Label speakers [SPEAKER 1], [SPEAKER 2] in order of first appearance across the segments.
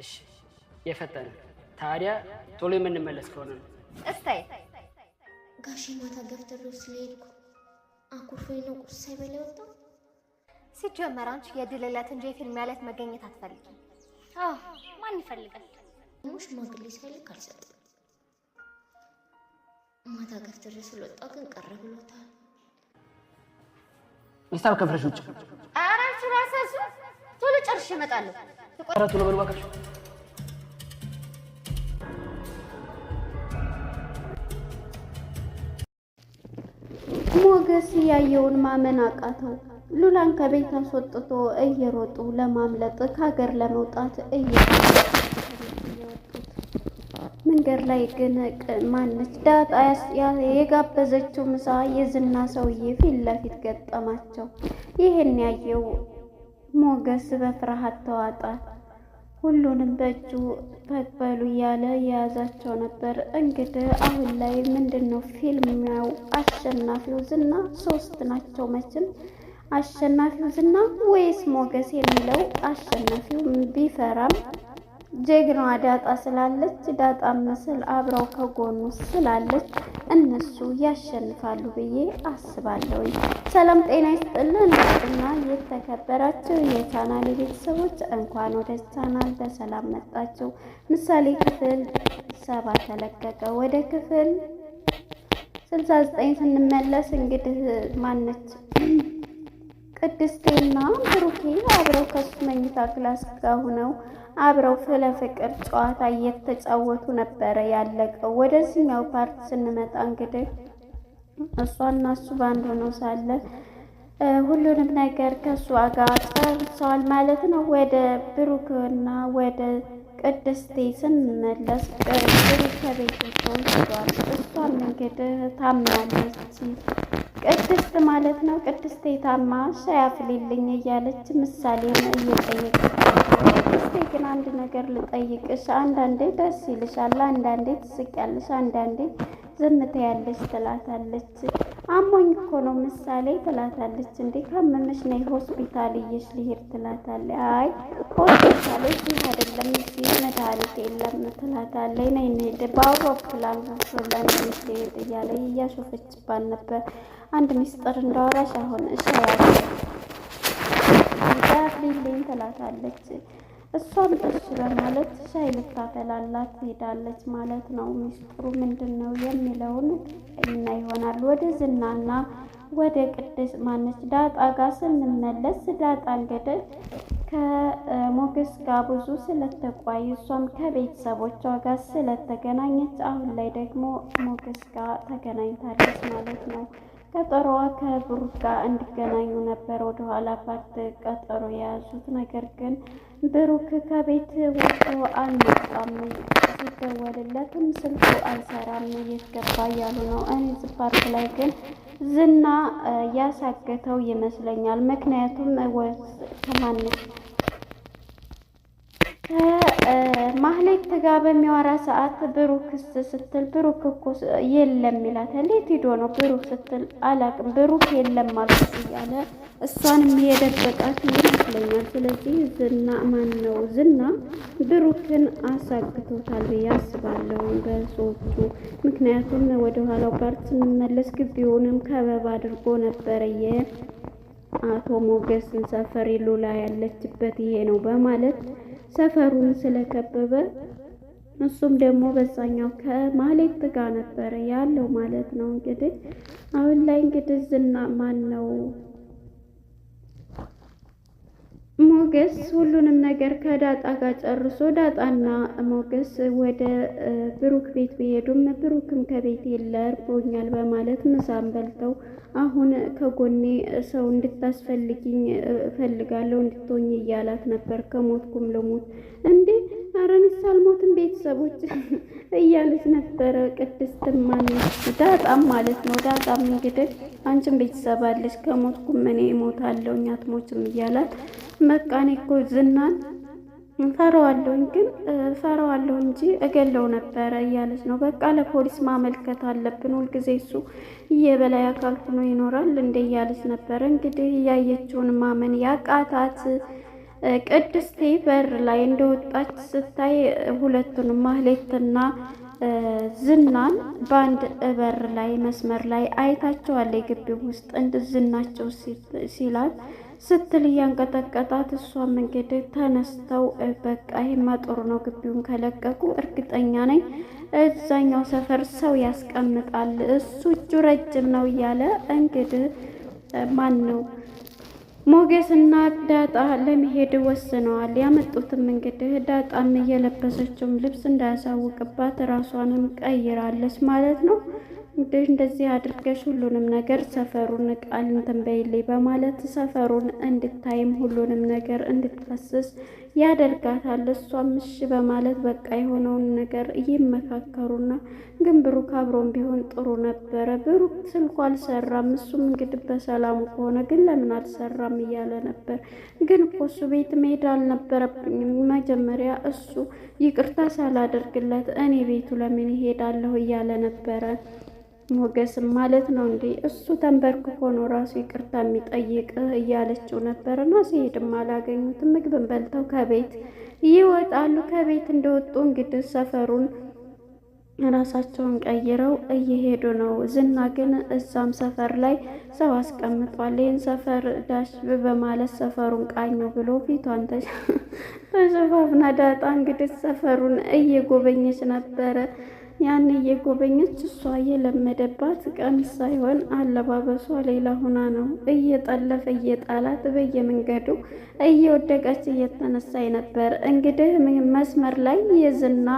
[SPEAKER 1] እሺ የፈጠነ ታዲያ ቶሎ የምንመለስ ከሆነ ነው።
[SPEAKER 2] እስታይ
[SPEAKER 3] ጋሼ ማታ ገፍትሬው ስለሄድኩ አኩርፎኝ ነው ቁርስ ሳይበላ የወጣው።
[SPEAKER 2] ሲጀመር አንቺ የድልለት እንጂ የፊልም ያለት መገኘት አትፈልጊም።
[SPEAKER 4] ማን ይፈልጋል?
[SPEAKER 3] ማግሌ ሳይልክ አልሰጥም። ማታ ገፍትሬው ስለወጣ ግን ቀረ ብሎታል።
[SPEAKER 1] ሂሳብ ከፍረሽ ውጭ።
[SPEAKER 4] ኧረ እሱ ቶሎ
[SPEAKER 1] ጨርሽ ይመጣለሁ። ራሱ ነው በሉ እባካችሁ።
[SPEAKER 5] ሞገስ ያየውን ማመን አቃተው። ሉላን ከቤት አስወጥቶ እየሮጡ ለማምለጥ ከሀገር ለመውጣት መንገድ ላይ ግን ማነች ዳጣ የጋበዘችው ምሳ የዝና ሰውዬ ፊት ለፊት ገጠማቸው። ይህን ያየው ሞገስ በፍርሃት ተዋጠ። ሁሉንም በእጁ በቅበሉ እያለ የያዛቸው ነበር። እንግዲህ አሁን ላይ ምንድን ነው ፊልሚያው አሸናፊው ዝና ሶስት ናቸው መቼም አሸናፊው ዝና ወይስ ሞገስ የሚለው አሸናፊው ቢፈራም ጀግናዋ ዳጣ ስላለች ዳጣ ምስል አብረው ከጎኑ ስላለች እነሱ ያሸንፋሉ ብዬ አስባለሁ። ሰላም ጤና ይስጥልን እና የተከበራችሁ የቻናል ቤተሰቦች እንኳን ወደ ቻናል በሰላም መጣችሁ። ምሳሌ ክፍል ሰባ ተለቀቀ። ወደ ክፍል ስልሳ ዘጠኝ ስንመለስ እንግዲህ ማነች ቅድስቴና ብሩኬ አብረው ከሱ መኝታ ክላስ ጋር ሆነው አብረው ስለ ፍቅር ጨዋታ እየተጫወቱ ነበረ ያለቀው። ወደዚህኛው ፓርት ስንመጣ እንግዲህ እሷና እሱ ባንድ ሆነው ሳለ ሁሉንም ነገር ከእሷ ጋር ጨርሰዋል ማለት ነው። ወደ ብሩክና ወደ ቅድስቴ ስንመለስ ብሩክ ከቤት ሄዷል። እሷም እንግዲህ ታምናለች። ቅድስት ማለት ነው። ቅድስት የታማ ሻይ አፍሊልኝ እያለች ምሳሌ እየጠየቀች፣ ቅድስቴ ግን አንድ ነገር ልጠይቅሽ፣ አንዳንዴ ደስ ይልሻል፣ አንዳንዴ ትስቂያለሽ፣ አንዳንዴ ዝምታ ያለሽ ትላታለች። አሞኝ እኮ ነው ምሳሌ ትላታለች። እንዴ ካመመሽ ነይ ሆስፒታል እየሽ ልሄድ ትላታለች። አይ ሆስፒታል እዚህ አይደለም እዚህ መድኃኒት የለም ትላታለች። ነይ እንሂድ በአውሮፕላን ሆስፒታል እንሂድ እያለ እያሾፈችባት ነበር። አንድ ሚስጥር እንዳወራሽ አሁን እሺ ያለ ሊልኝ ትላታለች። እሷም እሺ በማለት ሻይ ልታፈላላት ሄዳለች ማለት ነው። ሚስጥሩ ምንድን ነው የሚለውን እና ይሆናል ወደ ዝናና ወደ ቅድስ ማነች ዳጣ ጋር ስንመለስ ዳጣ እንግዲህ ከሞገስ ጋር ብዙ ስለተቋይ እሷም ከቤተሰቦቿ ጋር ስለተገናኘች አሁን ላይ ደግሞ ሞገስ ጋር ተገናኝታለች ማለት ነው። ቀጠሮዋ ከብሩክ ጋር እንዲገናኙ ነበር ወደኋላ ፓርት ቀጠሮ የያዙት ነገር ግን ብሩክ ከቤት ወጥቶ አልመጣም። ሲደወልለትም ስልኩ አልሰራም እየተገባ እያሉ ነው። እኔ ዝፓርክ ላይ ግን ዝና ያሳገተው ይመስለኛል። ምክንያቱም ወስ ከማንስ ከማህሌት ጋር በሚያወራ ሰዓት ብሩክስ ስትል ብሩክ እኮ የለም ይላታል። የት ሂዶ ነው ብሩክ ስትል አላቅም ብሩክ የለም ማለት እያለ እሷንም የደበቃት ይመስለኛል። ስለዚህ ዝና ማን ነው ዝና ብሩክን አሳግቶታል ብዬ አስባለሁ በሰዎቹ። ምክንያቱም ወደ ኋላው ፓርት ስንመለስ ግቢውንም ከበብ አድርጎ ነበረ የአቶ ሞገስን ሰፈር ሉላ ያለችበት ይሄ ነው በማለት ሰፈሩን ስለከበበ እሱም ደግሞ በዛኛው ከማሌት ጋር ነበረ ያለው ማለት ነው። እንግዲህ አሁን ላይ እንግዲህ ዝና ማን ነው ሞገስ ሁሉንም ነገር ከዳጣ ጋር ጨርሶ ዳጣና ሞገስ ወደ ብሩክ ቤት ቢሄዱም ብሩክም ከቤት የለ እርቦኛል በማለት ምሳም በልተው አሁን ከጎኔ ሰው እንድታስፈልግኝ እፈልጋለሁ እንድትሆኝ እያላት ነበር። ከሞትኩም ልሙት እንዴ አረንስ አልሞትም ቤተሰቦች እያለች ነበረ። ቅድስትም ማነች ዳጣም ማለት ነው። ዳጣም እንግዲህ አንቺም ቤተሰብ አለች ከሞትኩም እኔ እሞታለሁ አትሞችም እያላት መቃኔ እኮ ዝናን ፈራዋለሁኝ ግን ፈራዋለሁ እንጂ እገለው ነበረ እያለች ነው። በቃ ለፖሊስ ማመልከት አለብን፣ ሁልጊዜ እሱ የበላይ አካል ሆኖ ይኖራል እንደ እያለች ነበረ። እንግዲህ እያየችውን ማመን ያቃታት ቅድስቴ በር ላይ እንደወጣች ስታይ ሁለቱንም ማህሌትና ዝናን በአንድ በር ላይ መስመር ላይ አይታቸዋለች ግቢ ውስጥ እንድ ዝናቸው ሲላት ስትል እያንቀጠቀጣት እሷ መንገድ ተነስተው በቃ ይሄማ ጥሩ ነው፣ ግቢውን ከለቀቁ እርግጠኛ ነኝ እዛኛው ሰፈር ሰው ያስቀምጣል፣ እሱ እጁ ረጅም ነው እያለ እንግዲህ ማን ነው ሞገስና ዳጣ ለመሄድ ወስነዋል። ያመጡትም እንግዲህ ዳጣም እየለበሰችውም ልብስ እንዳያሳውቅባት ራሷንም ቀይራለች ማለት ነው። እንደዚህ አድርገሽ ሁሉንም ነገር ሰፈሩን ቃል እንትን በይልኝ በማለት ሰፈሩን እንድታይም ሁሉንም ነገር እንድትፈስስ ያደርጋታል። እሷም እሺ በማለት በቃ የሆነውን ነገር ይመካከሩና ግን ብሩክ አብሮም ቢሆን ጥሩ ነበረ። ብሩክ ስልኩ አልሰራም። እሱም እንግዲህ በሰላሙ ከሆነ ግን ለምን አልሰራም እያለ ነበር። ግን እኮ እሱ ቤት መሄድ አልነበረብኝም መጀመሪያ እሱ ይቅርታ ሳላደርግለት እኔ ቤቱ ለምን ይሄዳለሁ እያለ ነበረ ሞገስም ማለት ነው እንዴ እሱ ተንበርክኮ ነው ራሱ ይቅርታ የሚጠይቅ እያለችው ነበር። እና ሲሄድም አላገኙትም። ምግብን በልተው ከቤት ይወጣሉ። ከቤት እንደወጡ እንግዲህ ሰፈሩን ራሳቸውን ቀይረው እየሄዱ ነው። ዝና ግን እዛም ሰፈር ላይ ሰው አስቀምጧል። ይህን ሰፈር ዳሽ በማለት ሰፈሩን ቃኙ ብሎ ፊቷን ተሸፋፍና ዳጣ እንግዲህ ሰፈሩን እየጎበኘች ነበረ። ያን እየጎበኘች እሷ የለመደባት ቀሚስ ሳይሆን አለባበሷ ሌላ ሁና ነው። እየጠለፈ እየጣላት በየመንገዱ እየወደቀች እየተነሳይ ነበር። እንግዲህ መስመር ላይ የዝና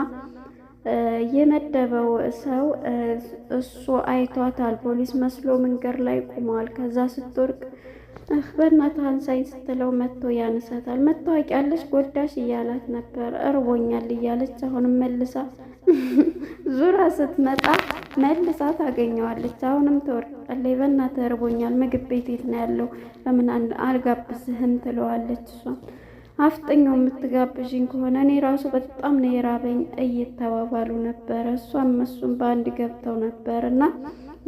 [SPEAKER 5] የመደበው ሰው እሱ አይቷታል። ፖሊስ መስሎ መንገድ ላይ ቆመዋል። ከዛ ስትወርቅ በእናትህ አንሳኝ ስትለው መጥቶ ያነሳታል። መታወቂያለሽ ጎዳሽ እያላት ነበር፣ እርቦኛል እያለች አሁንም መልሳ ዙራ ስትመጣ መልሳ ታገኘዋለች። አሁንም ትወርቃለች። በእናትህ እርቦኛል፣ ምግብ ቤት የት ነው ያለው? ለምን አልጋብዝህም? ትለዋለች እሷም አፍጠኛው የምትጋብዥኝ ከሆነ እኔ ራሱ በጣም ነው የራበኝ እየተባባሉ ነበረ። እሷም እሱም በአንድ ገብተው ነበር እና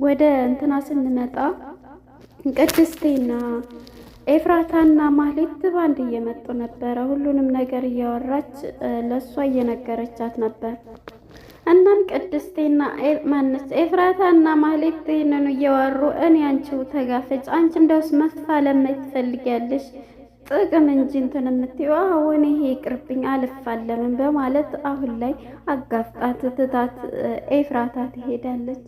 [SPEAKER 5] ወደ እንትና ስንመጣ ቅድስቴና ኤፍራታና ማህሌት ባንድ እየመጡ ነበረ። ሁሉንም ነገር እያወራች ለእሷ እየነገረቻት ነበር። እናም ቅድስቴና ማነች ኤፍራታና ማህሌት ይህንኑ እያወሩ እኔ አንቺው ተጋፈጭ፣ አንቺ እንደውስ መፋለም ትፈልጊያለሽ ጥቅም እንጂ እንትን የምትይው አሁን ይሄ ይቅርብኝ አልፋለምን በማለት አሁን ላይ አጋፍጣት ትታት ኤፍራታ ትሄዳለች።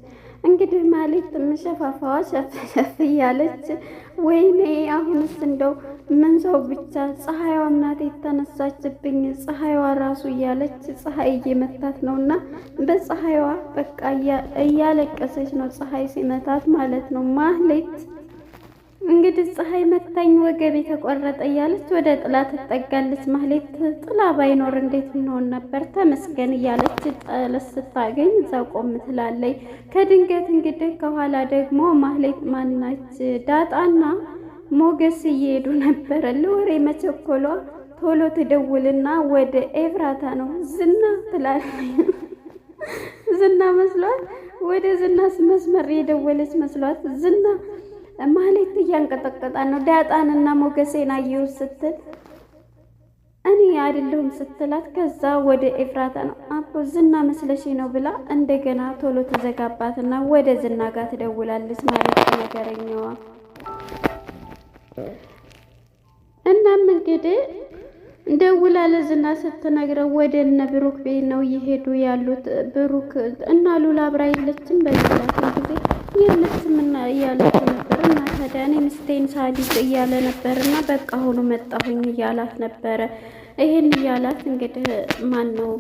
[SPEAKER 5] እንግዲህ ማሌት ሸፋፋዋ ሸፍ ሸፍ እያለች ወይኔ አሁንስ እንደው ምን ሰው ብቻ ፀሐይዋ እናቴ የተነሳችብኝ ፀሐይዋ ራሱ እያለች ፀሐይ እየመታት ነው እና በፀሐይዋ በቃ እያለቀሰች ነው ፀሐይ ሲመታት ማለት ነው ማሌት እንግዲህ ፀሐይ መታኝ ወገቤ ተቆረጠ እያለች ወደ ጥላ ትጠጋለች። ማህሌት ጥላ ባይኖር እንዴት እንሆን ነበር ተመስገን እያለች ጠለስ ስታገኝ እዛ ቆም ትላለች። ከድንገት እንግዲህ ከኋላ ደግሞ ማህሌት ማናች ዳጣና ሞገስ እየሄዱ ነበረ። ለወሬ መቸኮሏ ቶሎ ትደውልና ወደ ኤፍራታ ነው ዝና ትላለች። ዝና መስሏት ወደ ዝና መስመር የደወለች መስሏት ዝና ማህሌት እያንቀጠቀጣን ነው። ዳጣንና ሞገሴን አየሁ ስትል እኔ አይደለሁም ስትላት፣ ከዛ ወደ ኤፍራታ ነው አቦ ዝና መስለሽ ነው ብላ እንደገና ቶሎ ተዘጋባትና ወደ ዝና ጋር ትደውላለች ማለት ነገረኛዋ። እናም እንግዲህ ደውላ ለዝና ስትነግረው ወደ እነ ብሩክ ቤት ነው እየሄዱ ያሉት። ብሩክ እና ሉላ አብራ የለችም በሌላቸው ጊዜ የለችም እና እያለች ታዲያ እኔ ምስቴን ሳዲቅ እያለ ነበር እና በቃ አሁኑ መጣሁኝ እያላት ነበረ። ይህን እያላት እንግዲህ ማን ነው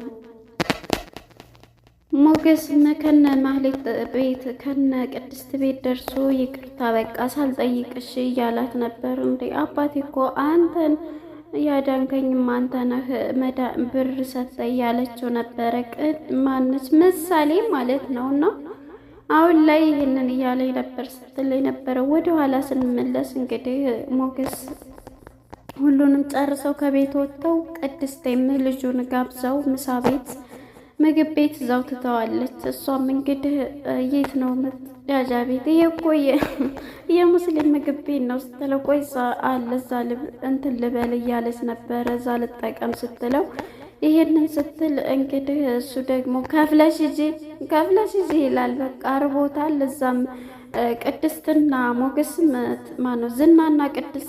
[SPEAKER 5] ሞገስ ከነ ማህሌት ቤት ከነ ቅድስት ቤት ደርሶ ይቅርታ በቃ ሳልጠይቅሽ እያላት ነበር። እንዴ አባቴ እኮ አንተን ያዳንከኝም አንተ ነህ ብር ሰጠ እያለችው ነበረ። ማነች ምሳሌ ማለት ነው ነው አሁን ላይ ይህንን እያለ ነበር ስትል የነበረው ወደኋላ ስንመለስ እንግዲህ ሞገስ ሁሉንም ጨርሰው ከቤት ወጥተው ቅድስቴም ልጁን ጋብዛው ምሳ ቤት ምግብ ቤት እዛው ትተዋለች። እሷም እንግዲህ የት ነው መጸዳጃ ቤት? ይሄ እኮ የሙስሊም ምግብ ቤት ነው ስትለው ቆይ አለ እዛ እንትን ልበል እያለች ነበረ እዛ ልጠቀም ስትለው ይሄንን ስትል እንግዲህ እሱ ደግሞ ከፍለሽ ሂጂ ከፍለሽ ሂጂ ይላል። በቃ አርቦታል። እዛም ቅድስትና ሞገስም ማነው ዝናና ቅድስ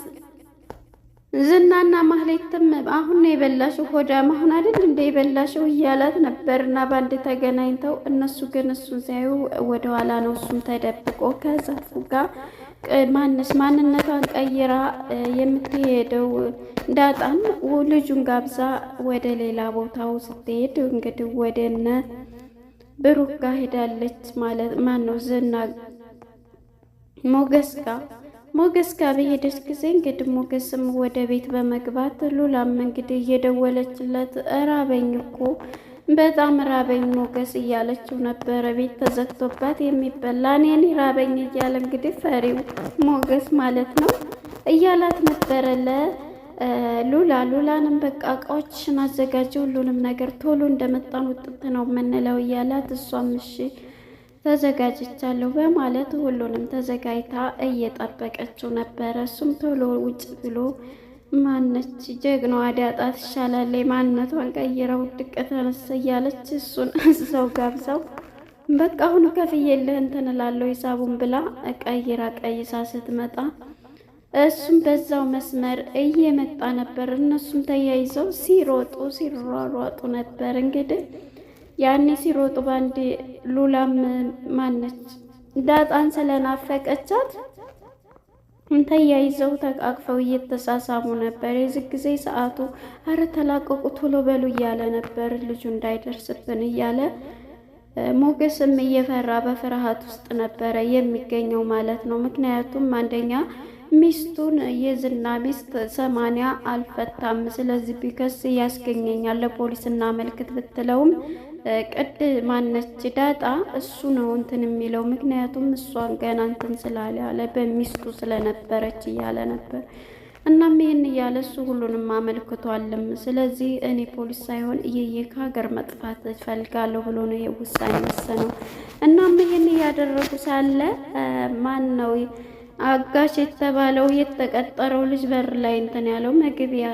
[SPEAKER 5] ዝናና ማህሌትም አሁን ነው የበላሽው ሆዳም አሁን አይደል እንደ የበላሽው እያላት ነበር። እና በአንድ ተገናኝተው እነሱ ግን እሱን ሲያዩ ወደኋላ ነው እሱም ተደብቆ ከዛፉ ጋር ማነስ ማንነቷን ቀይራ የምትሄደው ዳጣን ልጁን ጋብዛ ወደ ሌላ ቦታው ስትሄድ እንግዲህ ወደነ ብሩክ ጋር ሄዳለች ማለት ማን ነው ዝና ሞገስ ጋር ሞገስ ጋር በሄደች ጊዜ እንግዲህ ሞገስም ወደ ቤት በመግባት ሉላም እንግዲህ እየደወለችለት እራበኝ እኮ በጣም ራበኝ ሞገስ እያለችው ነበረ። ቤት ተዘግቶባት የሚበላ እኔን ራበኝ እያለ እንግዲህ ፈሪው ሞገስ ማለት ነው እያላት ነበረ ለሉላ። ሉላንም በቃ እቃዎችን አዘጋጀ፣ ሁሉንም ነገር ቶሎ እንደመጣን ውጥት ነው የምንለው እያላት፣ እሷም እሺ ተዘጋጅቻለሁ በማለት ሁሉንም ተዘጋጅታ እየጠበቀችው ነበረ። እሱም ቶሎ ውጭ ብሎ ማነች ጀግናዋ ዳጣ ትሻላለች፣ ማንነቷን ቀይረው ድቀ ተነሰ እያለች እሱን እዛው ጋብዛው በቃ አሁኑ ከፍዬልህ እንትን እላለሁ ሂሳቡን ብላ ቀይራ ቀይሳ ስትመጣ እሱም በዛው መስመር እየመጣ ነበር። እነሱም ተያይዘው ሲሮጡ ሲሯሯጡ ነበር። እንግዲህ ያኔ ሲሮጡ በአንድ ሉላም ማነች ዳጣን ስለናፈቀቻት ተያይዘው ተቃቅፈው እየተሳሳሙ ነበር። የዚህ ጊዜ ሰዓቱ አረ ተላቀቁ ቶሎ በሉ እያለ ነበር ልጁ እንዳይደርስብን እያለ ሞገስም እየፈራ በፍርሃት ውስጥ ነበረ የሚገኘው ማለት ነው። ምክንያቱም አንደኛ ሚስቱን የዝና ሚስት ሰማንያ አልፈታም፣ ስለዚህ ቢከስ ያስገኘኛል ለፖሊስ እናመልክት መልክት ብትለውም ቅድ ማነች ዳጣ እሱ ነው እንትን የሚለው ምክንያቱም እሷን ገና እንትን ስላለ ያለ በሚስቱ ስለነበረች እያለ ነበር። እናም ይህን እያለ እሱ ሁሉንም አመልክቷልም። ስለዚህ እኔ ፖሊስ ሳይሆን ይህ ከሀገር መጥፋት እፈልጋለሁ ብሎ ነው ይሄ ውሳኔ ወሰነው። እናም ይህን እያደረጉ ሳለ ማን ነው አጋሽ የተባለው የተቀጠረው ልጅ በር ላይ እንትን ያለው መግቢያ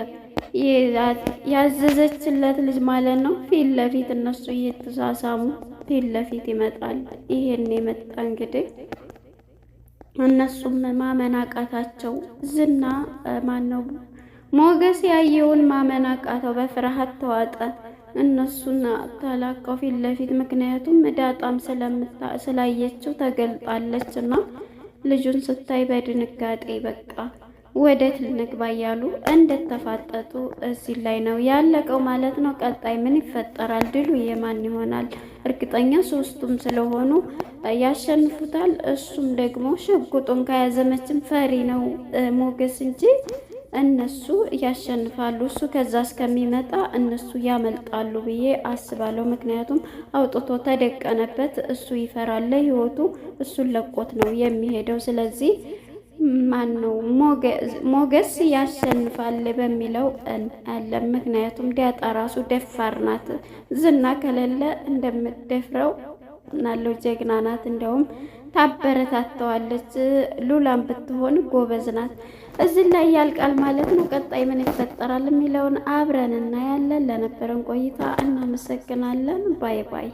[SPEAKER 5] ያዘዘችለት ልጅ ማለት ነው። ፊት ለፊት እነሱ እየተሳሳሙ ፊት ለፊት ይመጣል። ይሄን የመጣ እንግዲህ እነሱም ማመን አቃታቸው። ዝና ማን ነው ሞገስ ያየውን ማመን አቃተው፣ በፍርሃት ተዋጠ። እነሱን ተላቀው ፊት ለፊት ምክንያቱም ዳጣም ስላየችው ተገልጣለች እና ልጁን ስታይ በድንጋጤ በቃ ወዴት ልንግባ እያሉ እንደተፋጠጡ እዚህ ላይ ነው ያለቀው ማለት ነው። ቀጣይ ምን ይፈጠራል? ድሉ የማን ይሆናል? እርግጠኛ ሶስቱም ስለሆኑ ያሸንፉታል። እሱም ደግሞ ሽጉጡን ከያዘመችን ፈሪ ነው ሞገስ እንጂ እነሱ ያሸንፋሉ። እሱ ከዛ እስከሚመጣ እነሱ ያመልጣሉ ብዬ አስባለሁ። ምክንያቱም አውጥቶ ተደቀነበት፣ እሱ ይፈራል። ለህይወቱ እሱን ለቆት ነው የሚሄደው። ስለዚህ ማን ነው ሞገስ ያሸንፋል በሚለው አለም። ምክንያቱም ዳጣ ራሱ ደፋር ናት። ዝና ከሌለ እንደምትደፍረው ናለው ጀግና ናት። እንዲያውም ታበረታተዋለች። ሉላም ብትሆን ጎበዝ ናት። እዚህ ላይ ያልቃል ማለት ነው። ቀጣይ ምን ይፈጠራል የሚለውን አብረን እናያለን። ለነበረን ቆይታ እናመሰግናለን። ባይ ባይ